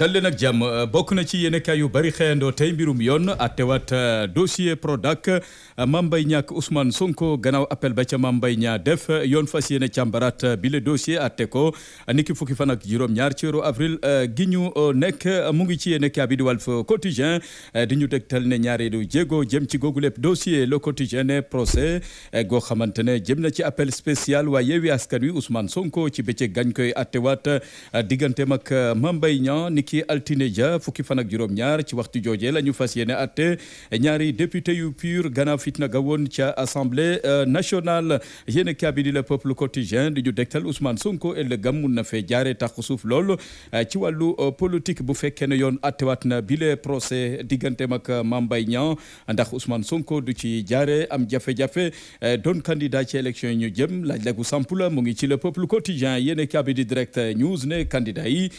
dal leen ak jàmm euh, bokk na ci yéenekaay yu bari xëyandoo tey mbirum yoon àttewaat euh, dossier Prodac euh, Mame Mbaye Niang ak Ousmane Sonko gannaaw appel ba ca mambay ñaar def yoon fas yéene càmbaraat bile le dossier àtte ko niki fukki fan ak juróom-ñaar ci weeru avril gi ñu nekk mu ngi ci yéenekaay bi di Walf Quotidien di ñu dégtal ne ñaareelu jéego jëm ci googu lépp dossier Le Quotidien ne procès goo xamante ne jëm na ci appel spécial waa Yewwi Askan Wi Ousmane Sonko ci bëccëg gañ koy àttewaat digganteem ak Mame Mbaye ci altine ja fukki fan ak juróom-ñaar ci waxtu jooje la ñu fas yéene atte ñaari député yu pur gannaaw fitna ga woon ca assemblée euh, nationale yéen kabidi le peuple quotidien di ñu dektal Ousmane Sonko ëllëgam mun na fee jaare tax suuf lool euh, ci wàllu euh, politique bu fekkee ne yoon attewaat na bile procès diggante ak Mame Mbaye ndax Ousmane Sonko du ci jaare am jafe-jafe doon candidat ci élection yi ñu jëm laaj la gu sampu mu ngi ci le peuple quotidien yéen kabidi direct news ne candidat yi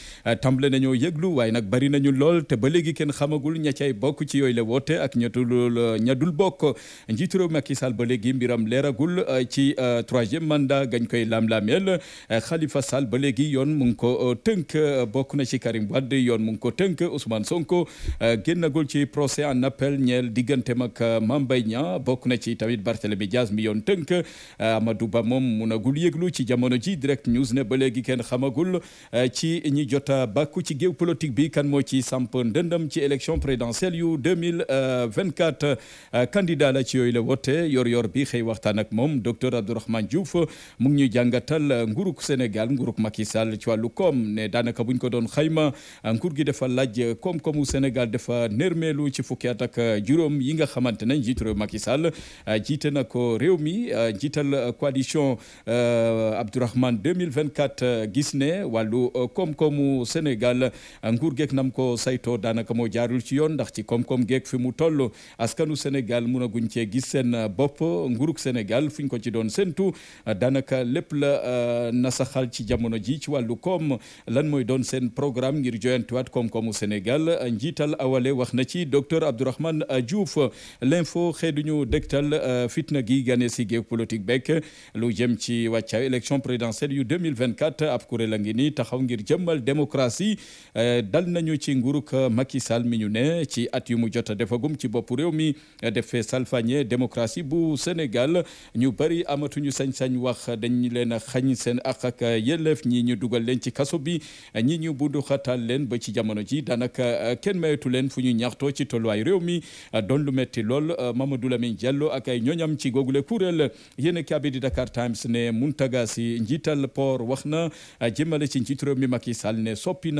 nañoo yëg jublu waaye nag bari nañu lool te ba léegi kenn xamagul ña cay bokk ci yooyu la woote ak ñetul ñadul bokk njiitu réew Macky Sall ba léegi mbiram leeragul euh, ci euh, troisième mandat gañ koy lam-laameel euh, Khalifa Sall ba léegi yoon mu ngi ko tënk bokk na ci Karim Wade yoon mu ngi ko tënk Ousmane Sonko génnagul ci procès en appel ñeel diggante ak mambay ñaa bokk na ci tamit Barthélémy Dias mi yoon tënk Amadou Ba moom munagul yëglu ci jamono ji direct news ne ba léegi kenn xamagul ci ñi jota bàkku ci géew politique bi kan moo ci samp ndëndam ci élection présidentielle yu 2024 euh, candidat la ci yooyu la woote yor-yor bi xëy waxtaan ak moom docteur Abdourahmane Diouf mu ngi ñuy jàngatal nguruk Sénégal nguruk Macky Sall ci wàllu koom ne daanaka buñ ko doon xayma nguur gi dafa laaj koom-koomu Sénégal dafa nërmeelu ci fukki tak ak yi nga xamante ne njiitu réew Macky Sall euh, jiite na réew mi euh, jiital coalition Abdourahmane 2024 gis ne wàllu koom-koomu Sénégal nguur geeg nam ko sayto daanaka moo jaarul ci yoon ndax ci koom-koom geeg fi mu toll askanu Sénégal mun a guñ cee gis seen uh, bopp nguurug Sénégal fuñ ko ci doon séntu uh, daanaka lépp la uh, nasaxal ci jamono ji ci wàllu koom lan mooy doon seen programme ngir joyantuwaat koom-koomu Sénégal njiital awale wax na ci docteur Abdourahmane Diouf l'info xeeduñu dégtal fitna gi gane si géeg politique beek lu jëm ci wàccaayu élection présidentielle yu 2024 ab kuréel a ngi nii taxaw ngir jëmmal démocratie Eh, dal nañu ci nguruk Macky Sall mi ñu ne ci at yu mu jot a defagum ci boppu réew mi eh, defee salfañe démocratie bu Sénégal ñu bari amatuñu sañ-sañ wax dañ leen a xañ seen ak ak yelleef ñii ñu dugal leen ci kaso bi ñi ñu bundu xatal leen ba ci jamono ji daanaka eh, kenn mayetu leen fu ñu ñaxtoo ci tolluwaay réew mi doon lu metti lool Mamadou Lamine Diallo ak ay ñoñam ci googule kuréel yéen kabi di Dakar Times ne Mountaga Sy njiital port wax na jëmale ci njiit réew mi Macky ne soppi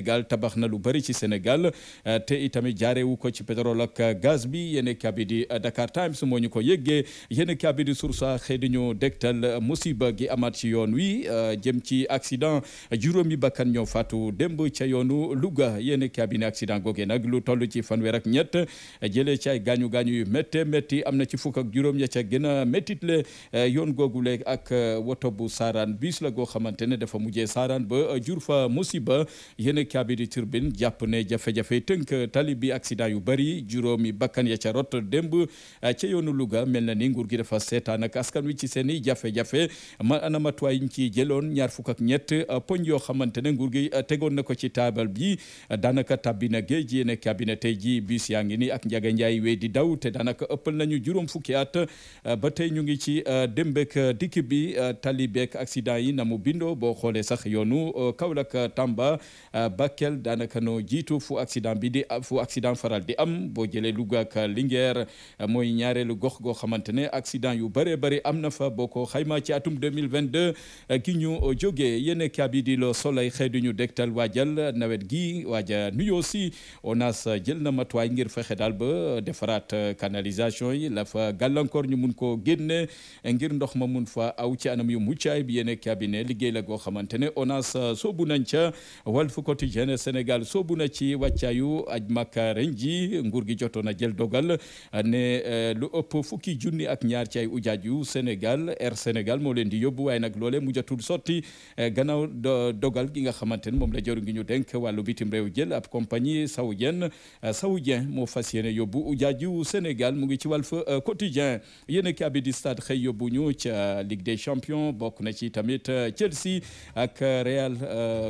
Sénégal tabax na lu bari ci Sénégal euh, te itamit jaarewu ko ci pétrole ak gaz bi yéen kabi di euh, Dakar Times moo ñu ko yëggee yéen kabi di source xëy di ñu dégtal euh, musiba gi amaat ci yoon wi jëm ci accident juróomi bakkan ñoo faatu démb ca yoonu Louga yéen kabi ne accident googee nag lu toll ci fan fanweer ak ñett jëlee ci ay gaañu gaañu yu méttee métti am na ci fukk ak juróom ya ca gën a méttit le yoon googule ak woto bu saaraan bis la goo xamante ne dafa mujjee saaraan ba kaabi di turbine jàpp ne jafe-jafe tënk tali bi accident yu bëri juróomi bakkan ya ca rot demb eh, ca yoonu Louga mel na ni nguur gi dafa seetaan ak askan wi ci seen i jafe-jafe ma anamatuwaay yi ñu ciy jëloon ñaar fukk ak ñett eh, poñ yoo xamante ne nguur gi eh, tegoon na ko ci taabal bi daanaka tabbina géej yéen cabinet tey ji bis yaa ngi ni ak njaga njaay wee di daw te daanaka ëppal nañu juróom fukki at ba tey ñu ngi ci démbek dikk bi tali beek yi na mu bindoo boo xoolee sax yoonu Kaolack Tamba Bakel daanaka noo jiitu fu accident bi di fu accident faral di am boo jëlee Louga ak mooy ñaareelu gox goo xamante ne accident yu bëree bëri am na fa boo ko xayma ci atum 2022 eh, ki ñu jógee yéen kabi di Le Soleil xëy du ñu dégtal waajal nawet gi waaja nuyoo si ONAS jël na matuwaay ngir fexe daal ba defaraat eh, canalisation yi la fa ñu mun ko génne eh, ngir ndox ma mun fa aw ci anam yu muccaay bi yéen kabi ne liggéey la goo xamante ne ONAS soobu nañ ca Walf jeune Sénégal soobu na ci wàccaayu aj Makka ren ji nguur gi jotoon na jël dogal ne euh, lu ëpp fukki junni ak ñaar ci ay ujaaj yu Sénégal Air Sénégal moo leen di yóbbu waaye nag loole mu jotul sotti euh, gannaaw dogal gi nga xamante ne moom la jëru ñu dénk wàllu bitim réew jël ab compagnie saoudienne euh, saoudien moo fas yéene yóbbu ujaaj yu Sénégal mu ngi ci Walf Quotidien yéen ki abi di stade xëy yóbbu ñu ca Ligue des champions bokk na ci tamit Chelsea ak Real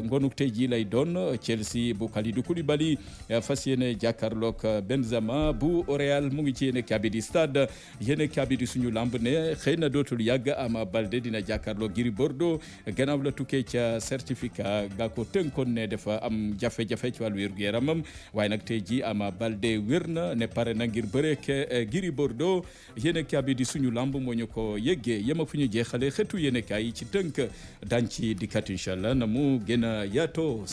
ngonuk tey ji lay doon Chelsea bu Kalidou bali eh, fas yéene jàkkaarloog eh, Benzema bu Real mu ngi ci yéene kabi di stade yéene kabi suñu lamb ne xëy na dootul yàgg Ama Baldé dina jàkkaarloog Gris Bordeaux gannaaw la tukkee ca certificat ga ko tënkoon ne dafa am jafe-jafe ci wàllu wérgu yaramam waaye nag tey jii Ama Baldé wér na ne pare na ngir bëreek eh, Gris Bordeaux yéene kabi di suñu lamb moo ñu ko yëggee yem fu ñu jeexalee xeetu yéene kaay yi ci tënk daañu ci dikkat incha allah na mu gën a yaatoo